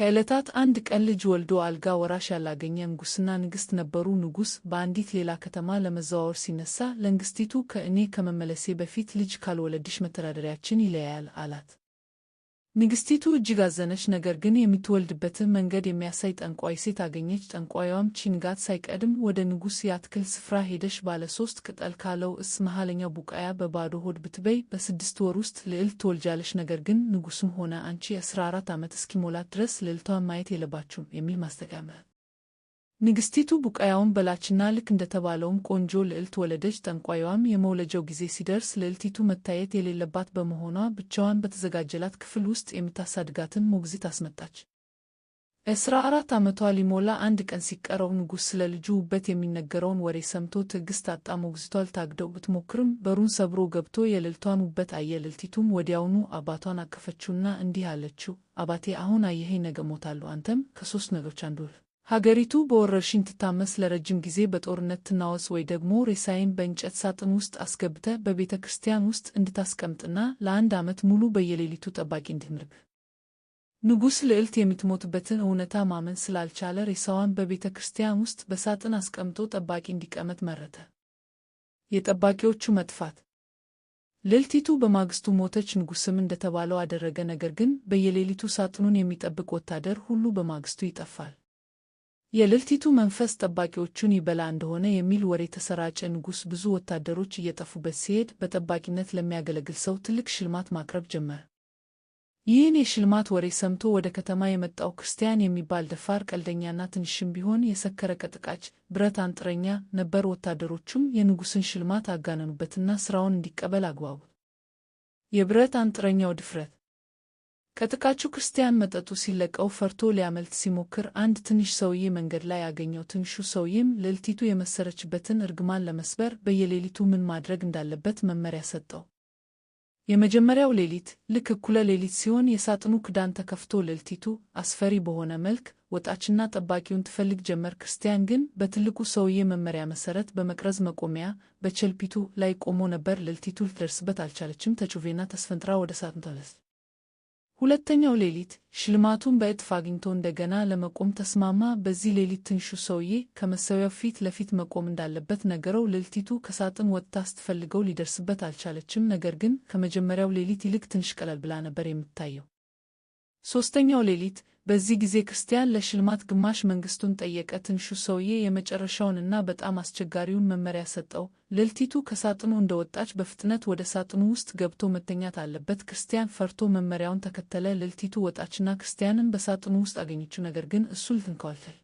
ከዕለታት አንድ ቀን ልጅ ወልዶ አልጋ ወራሽ ያላገኘ ንጉሥና ንግሥት ነበሩ። ንጉሥ በአንዲት ሌላ ከተማ ለመዘዋወር ሲነሳ ለንግሥቲቱ ከእኔ ከመመለሴ በፊት ልጅ ካልወለድሽ መተዳደሪያችን ይለያል አላት። ንግሥቲቱ እጅግ አዘነች። ነገር ግን የምትወልድበትን መንገድ የሚያሳይ ጠንቋይ ሴት አገኘች። ጠንቋይዋም ቺንጋት ሳይቀድም ወደ ንጉሥ የአትክልት ስፍራ ሄደሽ ባለ ሶስት ቅጠል ካለው እስ መሃለኛው ቡቃያ በባዶ ሆድ ብትበይ በስድስት ወር ውስጥ ልዕልት ትወልጃለች። ነገር ግን ንጉሥም ሆነ አንቺ አስራ አራት ዓመት እስኪሞላት ድረስ ልዕልቷን ማየት የለባችሁም የሚል ማስተጋመ ንግሥቲቱ ቡቃያውን በላችና ልክ እንደተባለውም ቆንጆ ልዕልት ወለደች። ጠንቋይዋም የመውለጃው ጊዜ ሲደርስ ልዕልቲቱ መታየት የሌለባት በመሆኗ ብቻዋን በተዘጋጀላት ክፍል ውስጥ የምታሳድጋትን ሞግዚት አስመጣች። አስራ አራት ዓመቷ ሊሞላ አንድ ቀን ሲቀረው ንጉሥ ስለ ልጁ ውበት የሚነገረውን ወሬ ሰምቶ ትዕግሥት አጣ። ሞግዚቷ ልታግደው ብትሞክርም በሩን ሰብሮ ገብቶ የልዕልቷን ውበት አየ። ልዕልቲቱም ወዲያውኑ አባቷን አቀፈችውና እንዲህ አለችው፣ አባቴ አሁን አየኸኝ፣ ነገ እሞታለሁ። አንተም ከሦስት ነገሮች አንዱ ሀገሪቱ በወረርሽኝ ትታመስ ለረጅም ጊዜ በጦርነት ትናወስ ወይ ደግሞ ሬሳይን በእንጨት ሳጥን ውስጥ አስገብተ በቤተ ክርስቲያን ውስጥ እንድታስቀምጥና ለአንድ ዓመት ሙሉ በየሌሊቱ ጠባቂ እንድንርግ ንጉሥ ልዕልት የምትሞትበትን እውነታ ማመን ስላልቻለ ሬሳዋን በቤተ ክርስቲያን ውስጥ በሳጥን አስቀምጦ ጠባቂ እንዲቀመጥ መረተ። የጠባቂዎቹ መጥፋት ልዕልቲቱ በማግስቱ ሞተች፣ ንጉሥም እንደተባለው አደረገ። ነገር ግን በየሌሊቱ ሳጥኑን የሚጠብቅ ወታደር ሁሉ በማግስቱ ይጠፋል። የልልቲቱ መንፈስ ጠባቂዎቹን ይበላ እንደሆነ የሚል ወሬ ተሰራጨ። ንጉሥ ብዙ ወታደሮች እየጠፉበት ሲሄድ በጠባቂነት ለሚያገለግል ሰው ትልቅ ሽልማት ማቅረብ ጀመረ። ይህን የሽልማት ወሬ ሰምቶ ወደ ከተማ የመጣው ክርስቲያን የሚባል ደፋር ቀልደኛና ትንሽም ቢሆን የሰከረ ቀጥቃጭ ብረት አንጥረኛ ነበር። ወታደሮቹም የንጉሥን ሽልማት አጋነኑበትና ሥራውን እንዲቀበል አግባቡ። የብረት አንጥረኛው ድፍረት ከጥቃቹ ክርስቲያን መጠጡ ሲለቀው ፈርቶ ሊያመልጥ ሲሞክር አንድ ትንሽ ሰውዬ መንገድ ላይ ያገኘው። ትንሹ ሰውዬም ሌልቲቱ የመሰረችበትን እርግማን ለመስበር በየሌሊቱ ምን ማድረግ እንዳለበት መመሪያ ሰጠው። የመጀመሪያው ሌሊት ልክ እኩለ ሌሊት ሲሆን የሳጥኑ ክዳን ተከፍቶ ሌልቲቱ አስፈሪ በሆነ መልክ ወጣችና ጠባቂውን ትፈልግ ጀመር። ክርስቲያን ግን በትልቁ ሰውዬ መመሪያ መሰረት በመቅረዝ መቆሚያ በቸልፒቱ ላይ ቆሞ ነበር። ሌልቲቱ ልትደርስበት አልቻለችም። ተጩቬና ተስፈንጥራ ወደ ሳጥኑ ተለስ ሁለተኛው ሌሊት ሽልማቱን በእጥፍ አግኝቶ እንደገና ለመቆም ተስማማ። በዚህ ሌሊት ትንሹ ሰውዬ ከመሰቢያው ፊት ለፊት መቆም እንዳለበት ነገረው። ሌሊቲቱ ከሳጥን ወጥታ ስትፈልገው ሊደርስበት አልቻለችም። ነገር ግን ከመጀመሪያው ሌሊት ይልቅ ትንሽ ቀለል ብላ ነበር የምታየው። ሦስተኛው ሌሊት በዚህ ጊዜ ክርስቲያን ለሽልማት ግማሽ መንግስቱን ጠየቀ። ትንሹ ሰውዬ የመጨረሻውንና በጣም አስቸጋሪውን መመሪያ ሰጠው። ልልቲቱ ከሳጥኑ እንደወጣች በፍጥነት ወደ ሳጥኑ ውስጥ ገብቶ መተኛት አለበት። ክርስቲያን ፈርቶ መመሪያውን ተከተለ። ልልቲቱ ወጣችና ክርስቲያንን በሳጥኑ ውስጥ አገኘችው፣ ነገር ግን እሱ ልትንከዋለች